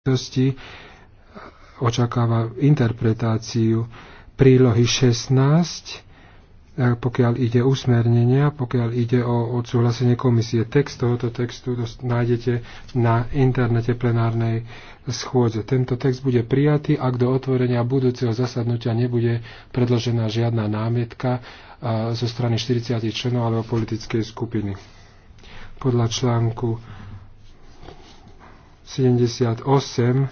spoločnosti očakáva interpretáciu prílohy 16, e, pokiaľ ide usmernenia, pokiaľ ide o odsúhlasenie komisie. Text tohoto textu nájdete na internete plenárnej schôdze. Tento text bude prijatý, ak do otvorenia budúceho zasadnutia nebude predložená žiadna námietka e, zo strany 40 členov alebo politickej skupiny. Podľa článku 78